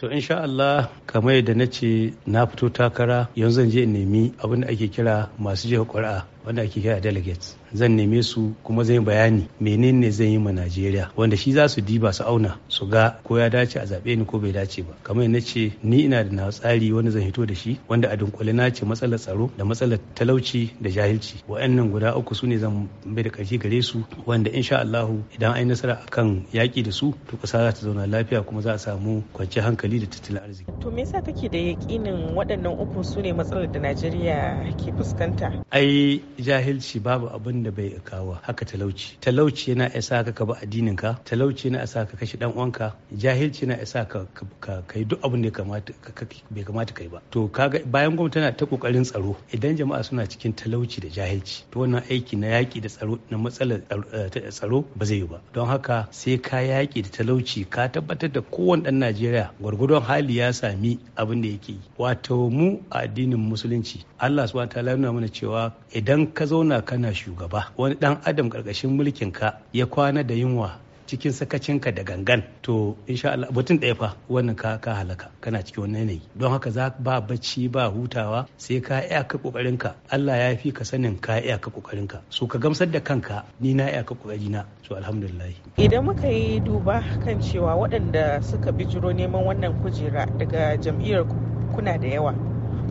To insha Allah kamar yadda na ce na fito takara yanzu zan je in nemi abin da ake kira masu jefa ƙuri'a wanda ake kira delegates zan neme su kuma zan yi bayani menene zan yi ma Najeriya wanda shi za su diba su auna su ga ko ya dace a zaɓe ni ko bai dace ba kamar yana ce ni ina da na tsari wanda zan hito da shi wanda a dunkule na ce matsalar tsaro da matsalar talauci da jahilci wa'annan guda uku su ne zan bai da ƙarfi gare su wanda insha Allahu idan an yi nasara akan yaƙi da su to ƙasa za ta zauna lafiya kuma za a samu kwanciyar hankali da tattalin arziki. To me yasa kake da yaƙinin waɗannan uku su ne matsalar da Najeriya ke fuskanta? Ai jahilci babu abin da bai kawo haka talauci talauci yana isa ka ka ba addinin ka talauci yana isa ka kashe dan uwanka jahilci yana isa ka ka kai duk abin da bai kamata ka yi ba to kaga bayan gwamnati tana ta kokarin tsaro idan jama'a suna cikin talauci da jahilci to wannan aiki na yaki da tsaro na matsalar tsaro eh, ba zai yi ba don haka sai ka yaki da talauci ka tabbatar da kowane dan Najeriya gwargwadon hali ya sami abin da yake yi wato mu a addinin musulunci Allah subhanahu wa ta'ala nuna mana cewa idan idan ka zauna kana shugaba wani dan adam karkashin mulkin ka ya kwana da yunwa cikin sakacinka da gangan to insha Allah mutum ɗaya fa wannan ka ka halaka kana cikin wannan yanayi don haka za ba bacci ba hutawa sai ka iyaka kokarin ka Allah ya fi ka sanin ka iyaka kokarin ka so ka gamsar da kanka ni na ka kokari na to alhamdulillah idan muka yi duba kan cewa waɗanda suka bijiro neman wannan kujera daga jam'iyyar kuna da yawa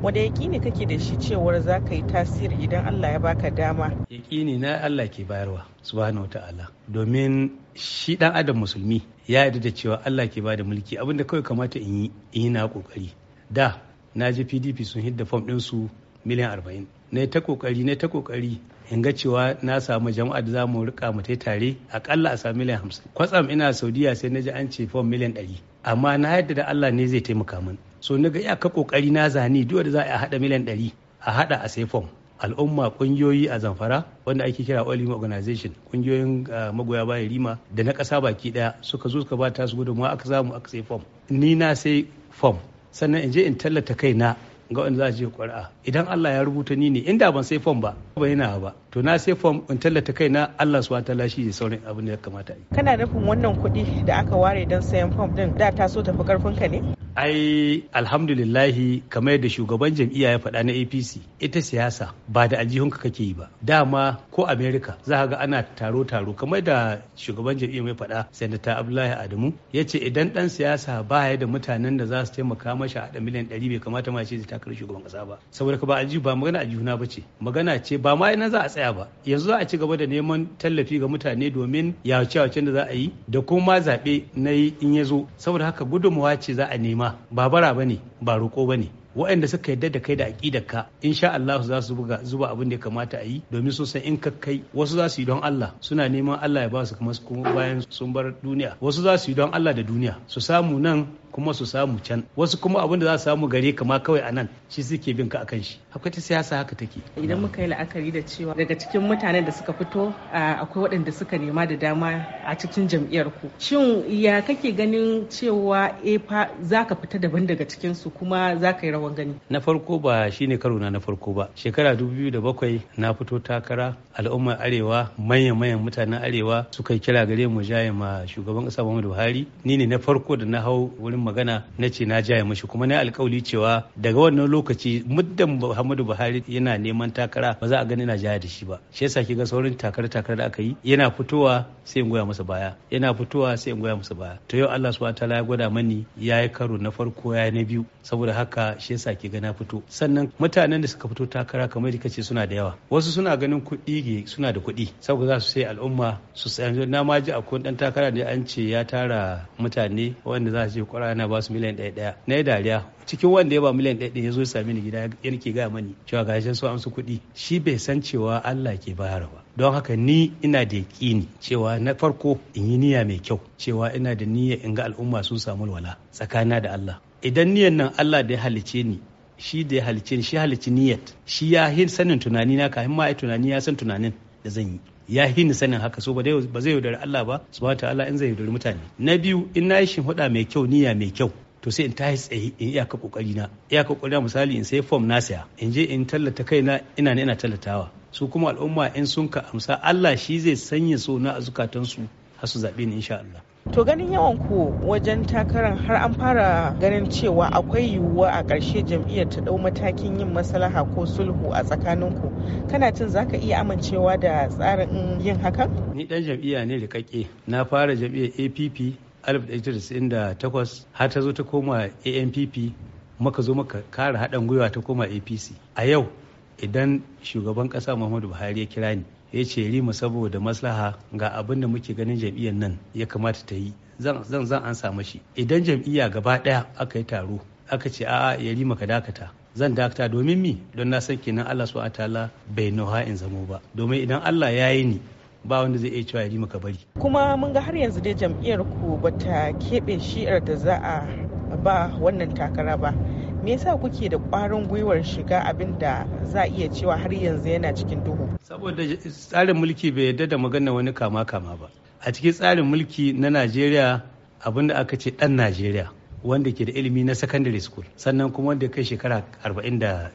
wanda yaƙini kake da shi cewar za ka yi tasiri idan Allah ya baka dama yaƙini na Allah ke bayarwa subhanahu ta'ala domin shi dan adam musulmi ya yarda da cewa Allah ke bada mulki abinda kawai kamata in yi in yi na kokari da na ji PDP sun hidda fom din su miliyan arba'in na ta kokari na ta kokari in ga cewa na samu jama'a da za mu rika mu tai tare akalla a samu miliyan hamsin kwatsam ina saudiya sai na ji an ce fom miliyan ɗari amma na yarda da Allah ne zai taimaka min so na ga yaka kokari na zane duk da za a hada miliyan 100 a hada a sai fom al'umma kungiyoyi a zamfara wanda ake kira olima organization kungiyoyin ah, magoya bayan rima da na kasa baki daya suka zo suka ba ta su gudunmu aka samu aka sai fom. ni na sai fom sannan in je in tallata kaina ga wanda za a je ƙwari'a idan Allah ya rubuta ni ne inda ban sai fom ba ba yana ba to na sai fom in tallata kai na Allah su ta lashi da sauran abin da ya kamata kana nufin wannan kuɗi da aka ware don sayan fom din da ta so tafi karfin ka ne ai alhamdulillahi kamar yadda shugaban jam'iyya ya faɗa na apc ita siyasa ba da aljihunka kake yi ba dama ko america za ga ana taro taro kamar da shugaban jam'iyya mai faɗa senator abdullahi adamu ya ce idan ɗan siyasa ba ya da mutanen da za su taimaka masa a miliyan ɗari bai kamata ma ya ce zai takarar shugaban ƙasa ba saboda ka ba aljihu ba magana aljihuna ba ce magana ce ba ma yana za a tsaya ba yanzu za a ci gaba da neman tallafi ga mutane domin yawace-yawacen da za a yi da kuma zaɓe na yi in ya zo saboda haka gudunmawa ce za a nemi ma ba bara bane ba roƙo bane waɗanda suka yarda da kai da aƙidar ka insha Allah za su buga zuba abin da ya kamata a yi domin sun san in ka kai wasu za su yi don Allah suna neman Allah ya ba su kuma bayan sun bar duniya wasu za su yi don Allah da duniya su samu nan kuma su samu can wasu kuma abin da za su samu gare kama kawai a nan shi suke bin ka akan shi akwai ta siyasa haka take idan muka yi la'akari da cewa daga cikin mutanen da suka fito akwai waɗanda suka nema da dama a cikin jam'iyyar ku shin ya kake ganin cewa efa eh, za ka fita daban daga cikin su kuma za ka yi rawan gani na farko ba shine karo na na farko ba shekara dubu biyu da bakwai na fito takara al'ummar arewa manyan manyan mutanen arewa suka kira gare mu jaye ma shugaban kasa Muhammadu Buhari ni ne na farko da na hau wurin faɗin magana na ce na jaya mashi kuma na alkawali cewa daga wannan lokaci muddan Muhammadu Buhari yana neman takara ba za a gani na jaya da shi ba shi yasa kiga saurin takar takar da aka yi yana fitowa sai in goya masa baya yana fitowa sai in goya masa baya to yau Allah subhanahu wataala ya gwada mani yayi karo na farko yayi na biyu saboda haka shi yasa kiga na fito sannan mutanen da suka fito takara kamar da kace suna da yawa wasu suna ganin kuɗi suna da kuɗi saboda za su sai al'umma su na ma ji akwai dan takara ne an ce ya tara mutane wanda za su je kwara na ba su miliyan ɗaya ɗaya na yi dariya cikin wanda ya ba miliyan ɗaya ɗaya ya zo sami ni gida yake gaya mani cewa shi su amsu kuɗi shi bai san cewa Allah ke bayar ba don haka ni ina da yaƙini cewa na farko in yi niyya mai kyau cewa ina da niyya in ga al'umma sun samu walwala tsakanina da Allah idan niyyan nan Allah da ya halicce ni shi da ya halicce ni shi halicci niyyat shi ya sanin tunani na kafin ma ai tunani ya san tunanin da zan yi ya yi ni sanin haka so ba zai yaudari Allah ba su subhanahu allah in zai yaudari mutane na biyu in na yi shinhuda mai kyau niyya mai kyau to sai in tashi tsaye in iyaka kokari na iyaka kokari misali in sai form na saya in je in tallata kaina ina ne ina tallatawa su kuma al'umma in sun ka amsa Allah shi zai sanya so na a su. har su zaɓe ni insha Allah. To ganin yawan ku wajen takarar har an fara ganin cewa akwai yiwuwa a ƙarshe jam'iyyar ta ɗau matakin yin maslaha ko sulhu a tsakanin ku Kana cin za ka iya amincewa da tsarin yin hakan? Ni ɗan jam'iyya ne rikakke. Na fara jam'iyyar APP 1998 har ta zo ta koma ANPP muka zo muka kara haɗin gwiwa ta koma APC. A yau idan shugaban ƙasa Muhammadu Buhari ya kira ni ya ce rima saboda maslaha ga abin da muke ganin jam'iyyar nan ya kamata ta yi zan zan an samu shi idan jam'iyya gaba daya aka yi taro aka ce a'a ya rima ka dakata zan dakata domin mi don na san kenan Allah su tala bai nauha in zamo ba domin idan Allah ya yi ni ba wanda zai iya cewa ya rima ka bari kuma mun ga har yanzu dai jam'iyyar ku bata keɓe shi'ar da za a ba wannan takara ba me yasa kuke da ƙwarin gwiwar shiga abin da za iya cewa har yanzu yana cikin duhu saboda tsarin mulki bai yarda da magana wani kama kama ba a cikin tsarin mulki na najeriya abin da aka ce dan najeriya wanda ke da ilimi na secondary school sannan kuma wanda kai shekara 45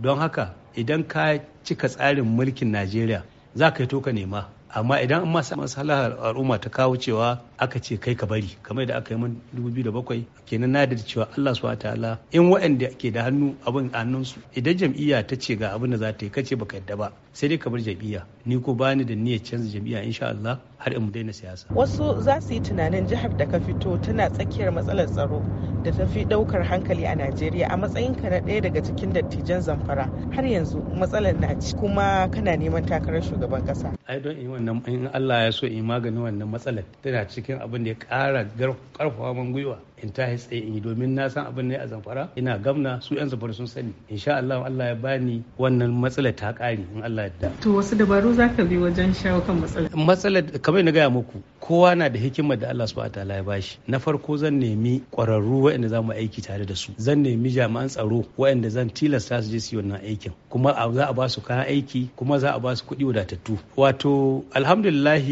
don haka idan ka cika tsarin mulkin najeriya za ka yi toka nema amma idan an masa masala al'umma ta kawo cewa aka ce kai ka bari kamar da aka yi min 2007 kenan na da cewa Allah subhanahu ta'ala in waɗanda ke da hannu abin a hannunsu idan jam'iyya ta ce ga abin da za ta yi kace baka yadda ba sai dai ka bar jam'iyya ni ko bani da niyyar canza jam'iyya insha Allah har in mu daina siyasa wasu za su yi tunanin jihar da ka fito tana tsakiyar matsalar tsaro da ta fi daukar hankali a Najeriya a matsayin ka na ɗaya daga cikin dattijan zamfara har yanzu matsalar na ci kuma kana neman takarar shugaban kasa ai don in wannan in Allah ya so in yi magani wannan matsalar tana cikin abin da ya ƙara ƙarfafa man gwiwa in ta tsaye in yi domin na san abin ne a zamfara ina gamna su yan zamfara sun sani sha Allah Allah ya bani wannan matsala ta kare in Allah ya to wasu dabaru za ka bi wajen shawo kan matsala matsala kamar na gaya muku kowa na da hikimar da Allah subhanahu wataala ya bashi na farko zan nemi ƙwararru waɗanda za mu aiki tare da su zan nemi jami'an tsaro waɗanda zan tilasta su je su yi wannan aikin kuma za a ba su kayan aiki kuma za a ba su kuɗi wadatattu wato alhamdulillah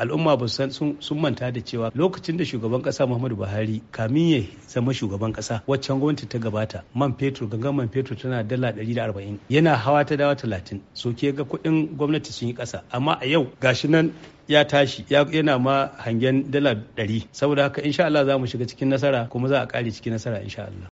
al'umma ba sun manta da cewa lokacin da shugaban ƙasa Muhammadu Buhari kamin ya zama shugaban kasa waccan gwamnati ta gabata man fetur gangan man fetur tana dala 140 yana hawa ta dawa 30 so ke ga kuɗin gwamnati sun yi kasa amma a yau gashi nan ya tashi yana ma hangen dala ɗari saboda haka insha Allah za mu shiga cikin nasara kuma za a kare cikin nasara insha Allah